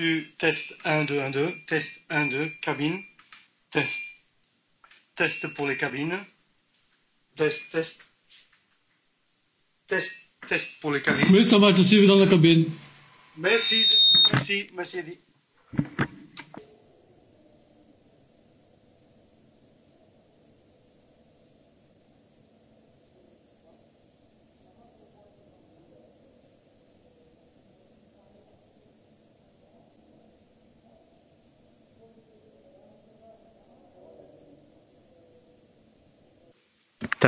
du test 1, 2, 1, 2, test 1, 2, cabine, test. Test pour les cabines. Test, test. Test, test pour les cabines. Meestal maakt het zeer dans la cabine. Merci, merci, merci.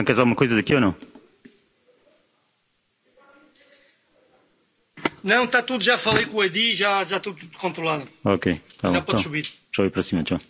Querem casar alguma coisa daqui ou não? Não, está tudo, já falei com o Edi, já está tudo controlado. Ok, tá já bom. pode então, subir. Já ir para cima, tchau.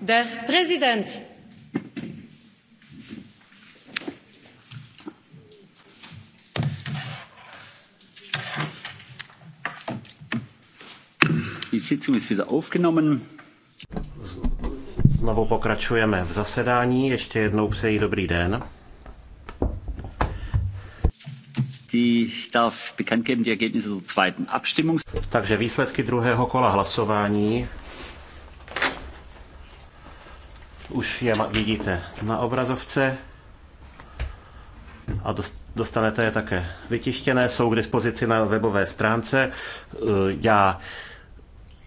der präsident! Znovu pokračujeme v zasedání. Ještě jednou přeji dobrý den. Takže výsledky druhého kola hlasování už je vidíte na obrazovce a dostanete je také vytištěné. Jsou k dispozici na webové stránce. E, já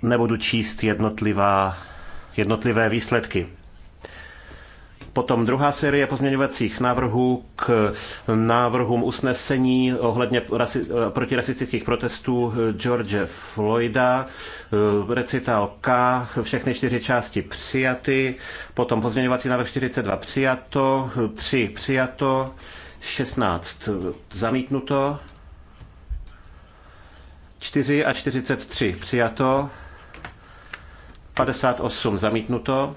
nebudu číst jednotlivá, jednotlivé výsledky. Potom druhá série pozměňovacích návrhů k návrhům usnesení ohledně rasi, protirasistických protestů George Floyda, eh, recital K, všechny čtyři části přijaty, potom pozměňovací návrh 42 přijato, 3 přijato, 16 eh, zamítnuto, 4 a 43 přijato, 58 zamítnuto,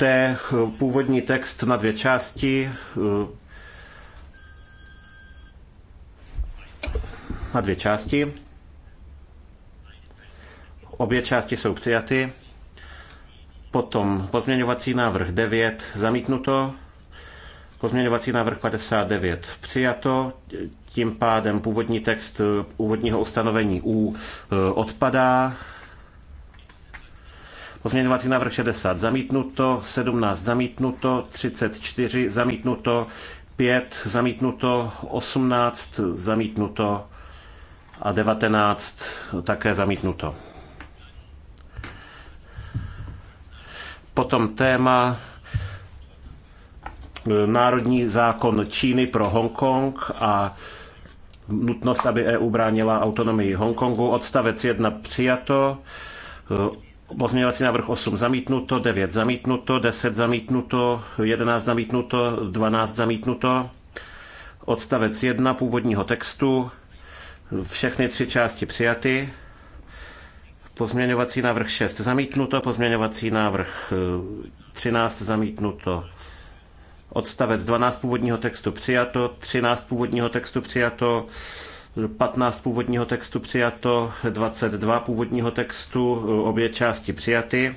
dělte eh, původní text na dvě části. Eh, na dvě části. Obě části jsou přijaty. Potom pozměňovací návrh 9 zamítnuto. Pozměňovací návrh 59 přijato, tím pádem původní text eh, úvodního ustanovení U odpadá, Pozměňovací návrh 60 zamítnuto, 17 zamítnuto, 34 zamítnuto, 5 zamítnuto, 18 zamítnuto a 19 také zamítnuto. Potom téma e, národní zákon Číny pro Hongkong a nutnost, aby EU bránila autonomii Hongkongu. Odstavec 1 přijato, e, Pozměňovací návrh 8 zamítnuto, 9 zamítnuto, 10 zamítnuto, 11 zamítnuto, 12 zamítnuto. Odstavec 1 původního textu. Všechny tři části přijaty. Pozměňovací návrh 6 zamítnuto, pozměňovací návrh 13 eh, zamítnuto. Odstavec 12 původního textu přijato, 13 původního textu přijato, 15 původního textu přijato, 22 původního textu, obě části přijaty.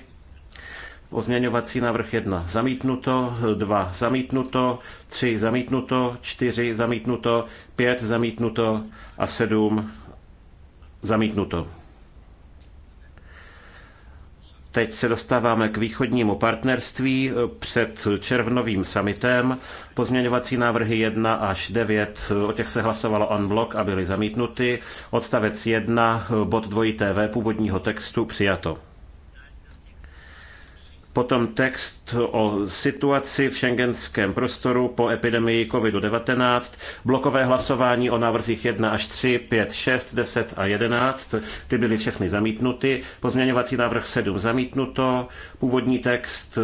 Ozměňovací návrh 1 zamítnuto, 2 zamítnuto, 3 zamítnuto, 4 zamítnuto, 5 zamítnuto a 7 zamítnuto. Teď se dostáváme k východnímu partnerství před červnovým summitem. Pozměňovací návrhy 1 až 9, o těch se hlasovalo on blok a byly zamítnuty. Odstavec 1, bod 2 V původního textu přijato. Potom text o situaci v šengenském prostoru po epidemii COVID-19, blokové hlasování o návrzích 1 až 3, 5, 6, 10 a 11, ty byly všechny zamítnuty, pozměňovací návrh 7 zamítnuto, původní text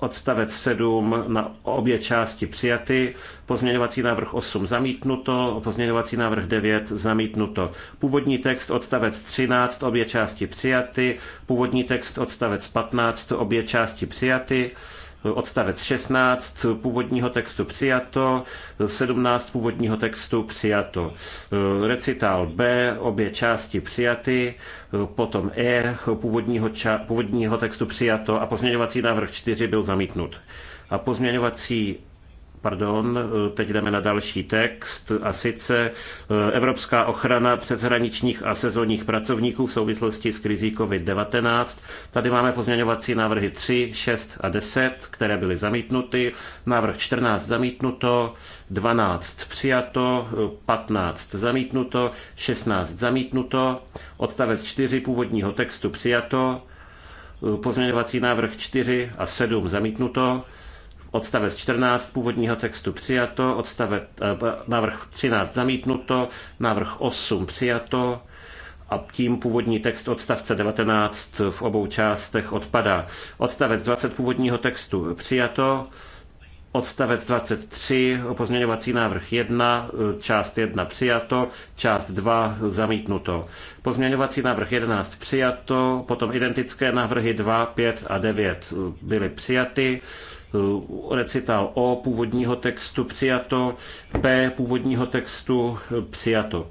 odstavec 7 na obě části přijaty, pozměňovací návrh 8 zamítnuto, pozměňovací návrh 9 zamítnuto. Původní text odstavec 13 obě části přijaty, původní text odstavec 15 obě části přijaty, odstavec 16 původního textu přijato, 17 původního textu přijato. Recital B, obě části přijaty, potom E původního, ča, původního textu přijato a pozměňovací návrh 4 byl zamítnut. A pozměňovací Pardon, eh, teď jdeme na další text a sice eh, Evropská ochrana přeshraničních a sezónních pracovníků v souvislosti s krizí COVID-19. Tady máme pozměňovací návrhy 3, 6 a 10, které byly zamítnuty. Návrh 14 zamítnuto, 12 přijato, 15 eh, zamítnuto, 16 zamítnuto, odstavec 4 původního textu přijato, pozměňovací návrh 4 a 7 zamítnuto, Odstavec 14 původního textu přijato, odstavec, eh, návrh 13 zamítnuto, návrh 8 přijato a tím původní text odstavce 19 v obou částech odpadá. Odstavec 20 původního textu přijato, odstavec 23, pozměňovací návrh 1, eh, část 1 přijato, část 2 zamítnuto. Pozměňovací návrh 11 přijato, potom identické návrhy 2, 5 a 9 eh, byly přijaty. Eh, recital O původního textu přijato, B původního textu eh, přijato.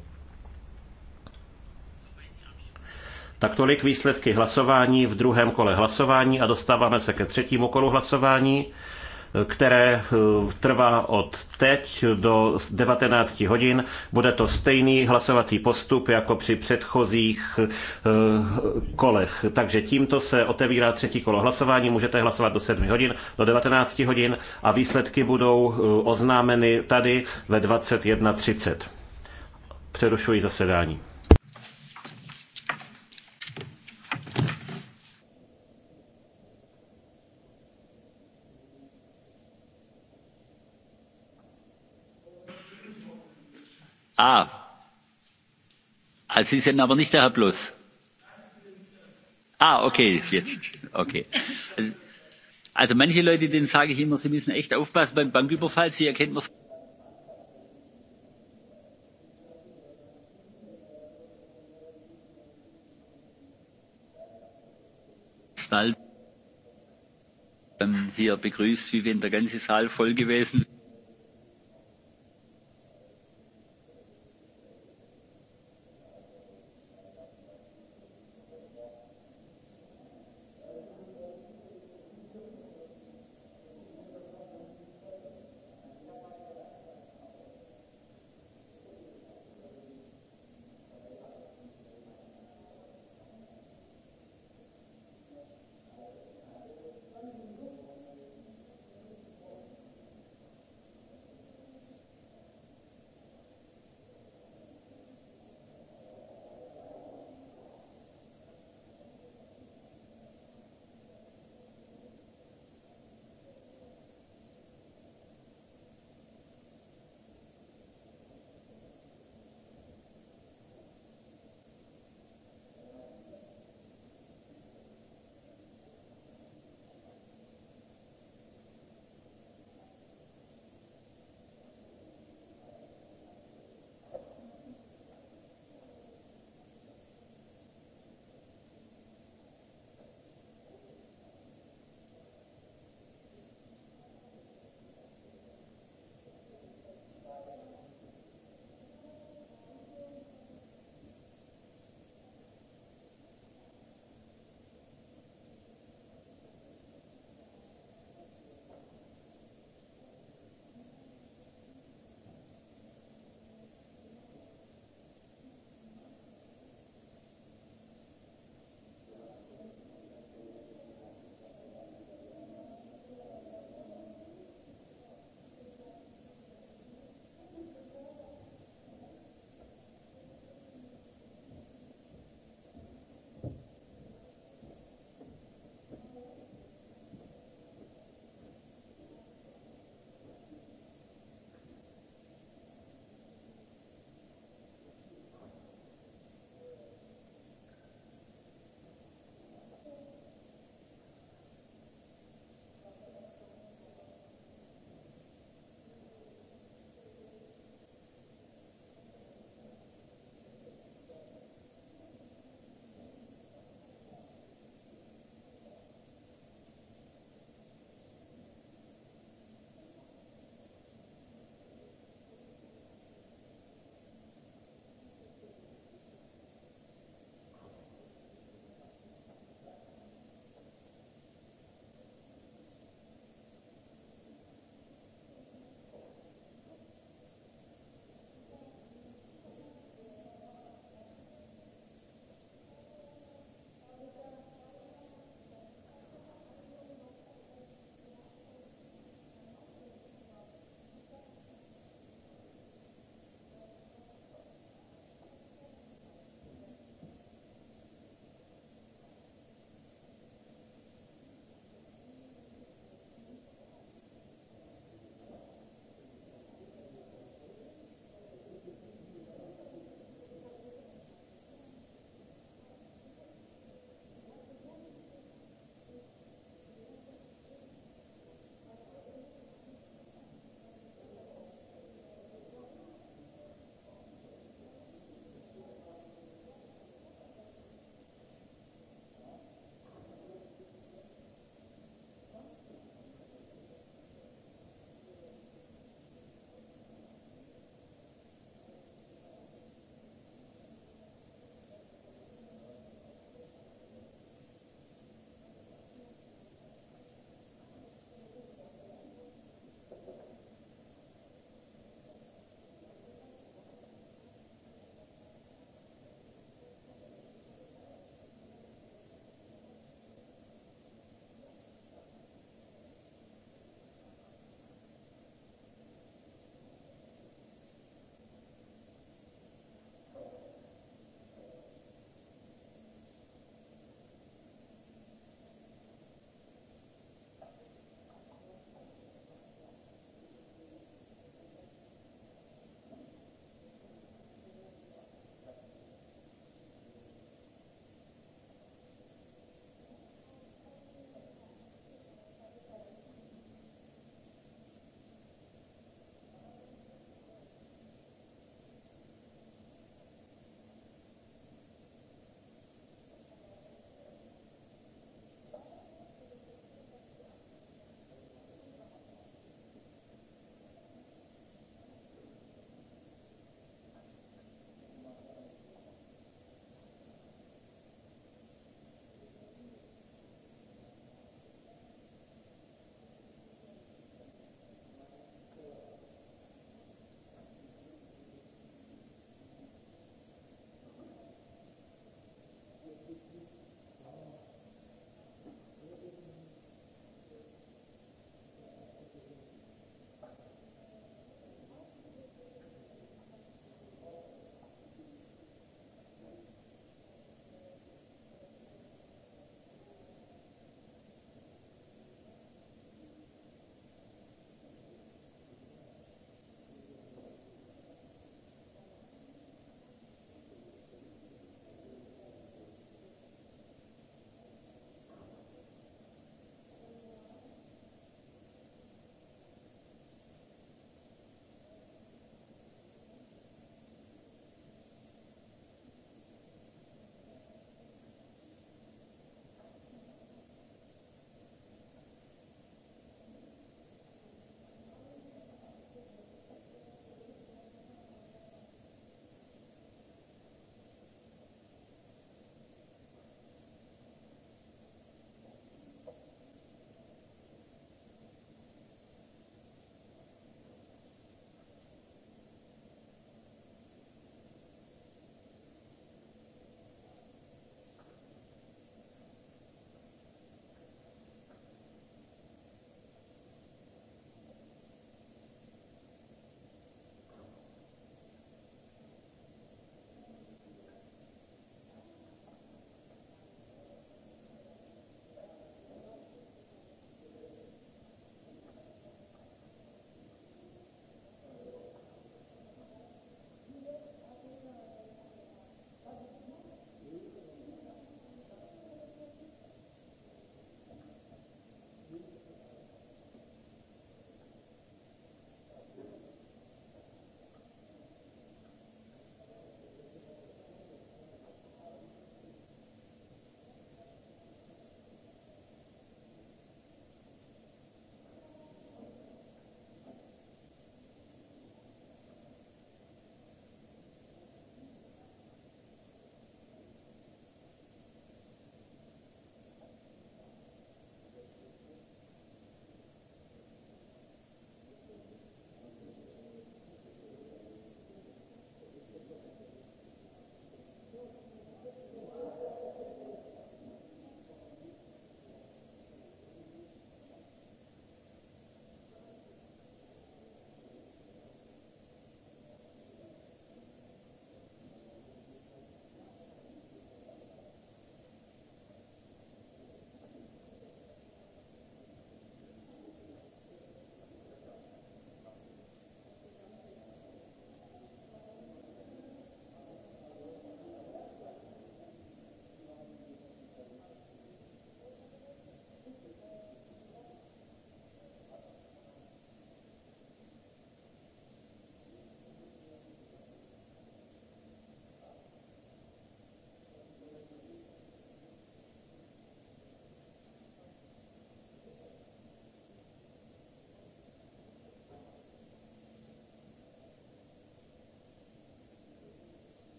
Tak tolik výsledky hlasování v druhém kole hlasování a dostáváme se ke třetímu kolu hlasování které eh, trvá od teď do 19 hodin. Bude to stejný hlasovací postup jako při předchozích eh, kolech. Takže tímto se otevírá třetí kolo hlasování. Můžete hlasovat do 7 hodin, do 19 hodin a výsledky budou eh, oznámeny tady ve 21.30. Přerušuji zasedání. Ah, Sie sind aber nicht der Herr Plus. Ah, okay, jetzt. Okay. Also, also manche Leute, denen sage ich immer, sie müssen echt aufpassen beim Banküberfall. Sie erkennt man Saal ähm, hier begrüßt, wie wenn der ganze Saal voll gewesen wäre.